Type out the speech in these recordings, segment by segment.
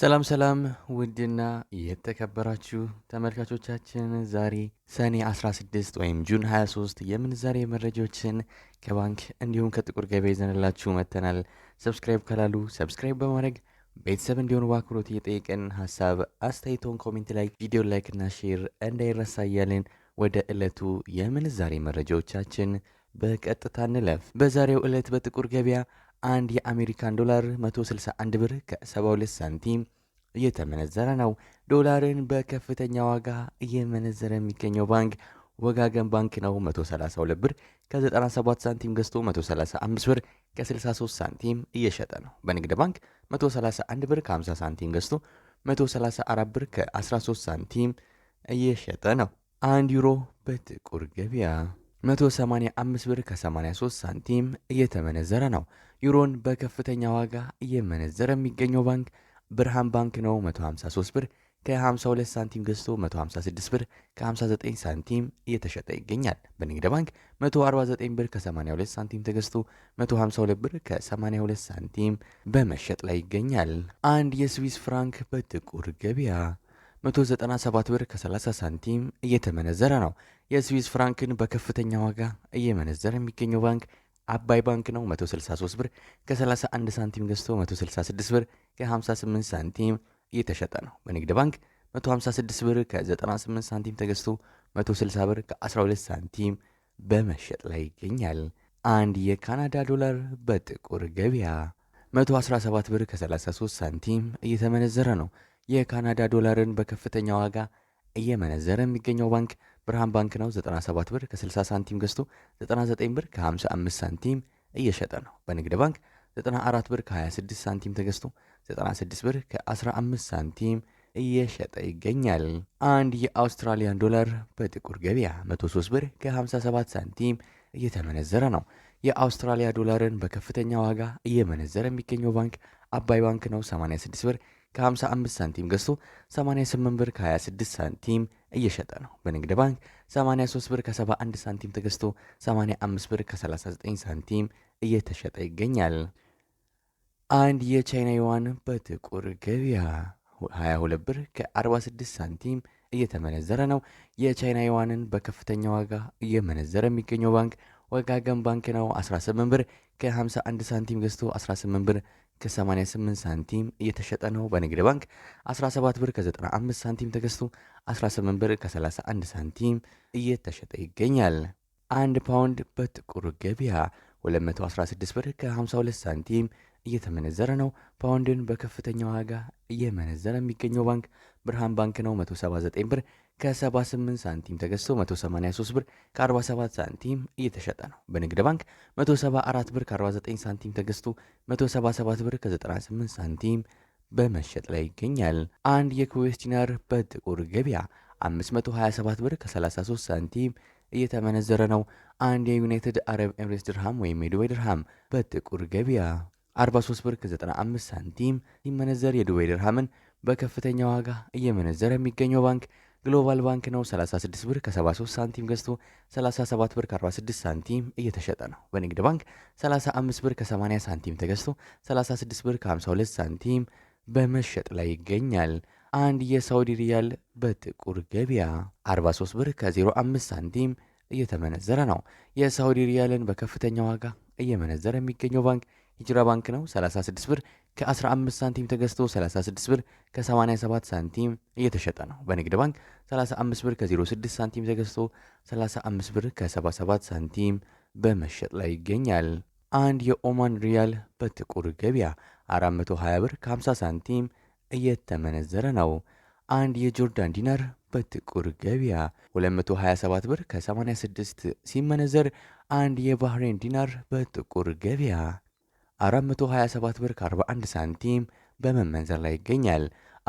ሰላም ሰላም ውድና የተከበራችሁ ተመልካቾቻችን ዛሬ ሰኔ 16 ወይም ጁን 23 የምንዛሬ መረጃዎችን ከባንክ እንዲሁም ከጥቁር ገበያ ይዘንላችሁ መጥተናል። ሰብስክራይብ ካላሉ ሰብስክራይብ በማድረግ ቤተሰብ እንዲሆኑ በአክብሮት እየጠየቅን ሀሳብ አስተያየቶን ኮሜንት ላይ ቪዲዮ ላይክና ሼር እንዳይረሳ እያልን ወደ ዕለቱ የምንዛሬ መረጃዎቻችን በቀጥታ እንለፍ። በዛሬው ዕለት በጥቁር ገበያ አንድ የአሜሪካን ዶላር 161 ብር ከ72 ሳንቲም እየተመነዘረ ነው። ዶላርን በከፍተኛ ዋጋ እየመነዘረ የሚገኘው ባንክ ወጋገን ባንክ ነው። 132 ብር ከ97 ሳንቲም ገዝቶ 135 ብር ከ63 ሳንቲም እየሸጠ ነው። በንግድ ባንክ 131 ብር ከ50 ሳንቲም ገዝቶ 134 ብር ከ13 ሳንቲም እየሸጠ ነው። አንድ ዩሮ በጥቁር ገበያ 185 ብር ከ83 ሳንቲም እየተመነዘረ ነው። ዩሮን በከፍተኛ ዋጋ እየመነዘረ የሚገኘው ባንክ ብርሃን ባንክ ነው። 153 ብር ከ52 ሳንቲም ገዝቶ 156 ብር ከ59 ሳንቲም እየተሸጠ ይገኛል። በንግድ ባንክ 149 ብር ከ82 ሳንቲም ተገዝቶ 152 ብር ከ82 ሳንቲም በመሸጥ ላይ ይገኛል። አንድ የስዊስ ፍራንክ በጥቁር ገበያ 197 ብር ከ30 ሳንቲም እየተመነዘረ ነው። የስዊስ ፍራንክን በከፍተኛ ዋጋ እየመነዘረ የሚገኘው ባንክ አባይ ባንክ ነው። 163 ብር ከ31 ሳንቲም ገዝቶ 166 ብር ከ58 ሳንቲም እየተሸጠ ነው። በንግድ ባንክ 156 ብር ከ98 ሳንቲም ተገዝቶ 160 ብር ከ12 ሳንቲም በመሸጥ ላይ ይገኛል። አንድ የካናዳ ዶላር በጥቁር ገበያ 117 ብር ከ33 ሳንቲም እየተመነዘረ ነው። የካናዳ ዶላርን በከፍተኛ ዋጋ እየመነዘረ የሚገኘው ባንክ ብርሃን ባንክ ነው። 97 ብር ከ60 ሳንቲም ገዝቶ 99 ብር ከ55 ሳንቲም እየሸጠ ነው። በንግድ ባንክ 94 ብር ከ26 ሳንቲም ተገዝቶ 96 ብር ከ15 ሳንቲም እየሸጠ ይገኛል። አንድ የአውስትራሊያን ዶላር በጥቁር ገበያ 103 ብር ከ57 ሳንቲም እየተመነዘረ ነው። የአውስትራሊያ ዶላርን በከፍተኛ ዋጋ እየመነዘረ የሚገኘው ባንክ አባይ ባንክ ነው። 86 ብር ከ55 ሳንቲም ገዝቶ 88 ብር ከ26 ሳንቲም እየሸጠ ነው። በንግድ ባንክ 83 ብር ከ71 ሳንቲም ተገዝቶ 85 ብር ከ39 ሳንቲም እየተሸጠ ይገኛል። አንድ የቻይና ዩዋን በጥቁር ገበያ 22 ብር ከ46 ሳንቲም እየተመነዘረ ነው። የቻይና ዩዋንን በከፍተኛ ዋጋ እየመነዘረ የሚገኘው ባንክ ወጋገን ባንክ ነው። 18 ብር ከ51 ሳንቲም ገዝቶ 18 ብር ከ88 ሳንቲም እየተሸጠ ነው። በንግድ ባንክ 17 ብር ከ95 ሳንቲም ተገዝቶ 18 ብር ከ31 ሳንቲም እየተሸጠ ይገኛል። አንድ ፓውንድ በጥቁር ገበያ 216 ብር ከ52 ሳንቲም እየተመነዘረ ነው። ፓውንድን በከፍተኛ ዋጋ እየመነዘረ የሚገኘው ባንክ ብርሃን ባንክ ነው። 179 ብር ከ78 ሳንቲም ተገዝቶ 183 ብር ከ47 ሳንቲም እየተሸጠ ነው። በንግድ ባንክ 174 ብር ከ49 ሳንቲም ተገዝቶ 177 ብር ከ98 ሳንቲም በመሸጥ ላይ ይገኛል። አንድ የኩዌት ዲናር በጥቁር ገበያ 527 ብር ከ33 ሳንቲም እየተመነዘረ ነው። አንድ የዩናይትድ አረብ ኤምሬትስ ድርሃም ወይም የዱባይ ድርሃም በጥቁር ገበያ 43 ብር ከ95 ሳንቲም ሲመነዘር የዱባይ ድርሃምን በከፍተኛ ዋጋ እየመነዘረ የሚገኘው ባንክ ግሎባል ባንክ ነው 36 ብር ከ73 ሳንቲም ገዝቶ 37 ብር ከ46 ሳንቲም እየተሸጠ ነው። በንግድ ባንክ 35 ብር ከ80 ሳንቲም ተገዝቶ 36 ብር ከ52 ሳንቲም በመሸጥ ላይ ይገኛል። አንድ የሳውዲ ሪያል በጥቁር ገበያ 43 ብር ከ05 ሳንቲም እየተመነዘረ ነው። የሳውዲ ሪያልን በከፍተኛ ዋጋ እየመነዘረ የሚገኘው ባንክ ሂጅራ ባንክ ነው 36 ብር ከ15 ሳንቲም ተገዝቶ 36 ብር ከ87 ሳንቲም እየተሸጠ ነው። በንግድ ባንክ 35 ብር ከ06 ሳንቲም ተገዝቶ 35 ብር ከ77 ሳንቲም በመሸጥ ላይ ይገኛል። አንድ የኦማን ሪያል በጥቁር ገበያ 420 ብር ከ50 ሳንቲም እየተመነዘረ ነው። አንድ የጆርዳን ዲናር በጥቁር ገበያ 227 ብር ከ86 ሲመነዘር አንድ የባህሬን ዲናር በጥቁር ገበያ 427 ብር ከ41 ሳንቲም በመመንዘር ላይ ይገኛል።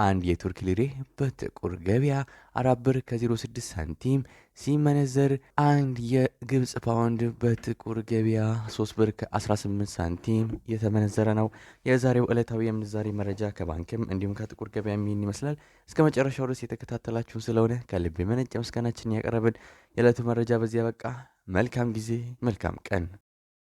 አንድ የቱርክ ሊሬ በጥቁር ገበያ 4 ብር ከ06 ሳንቲም ሲመነዘር አንድ የግብፅ ፓውንድ በጥቁር ገበያ 3 ብር ከ18 ሳንቲም የተመነዘረ ነው። የዛሬው ዕለታዊ የምንዛሬ መረጃ ከባንክም እንዲሁም ከጥቁር ገበያ የሚሆን ይመስላል። እስከ መጨረሻው ድረስ የተከታተላችሁን ስለሆነ ከልብ የመነጨ ምስጋናችን ያቀረብን የዕለቱ መረጃ በዚያ በቃ። መልካም ጊዜ፣ መልካም ቀን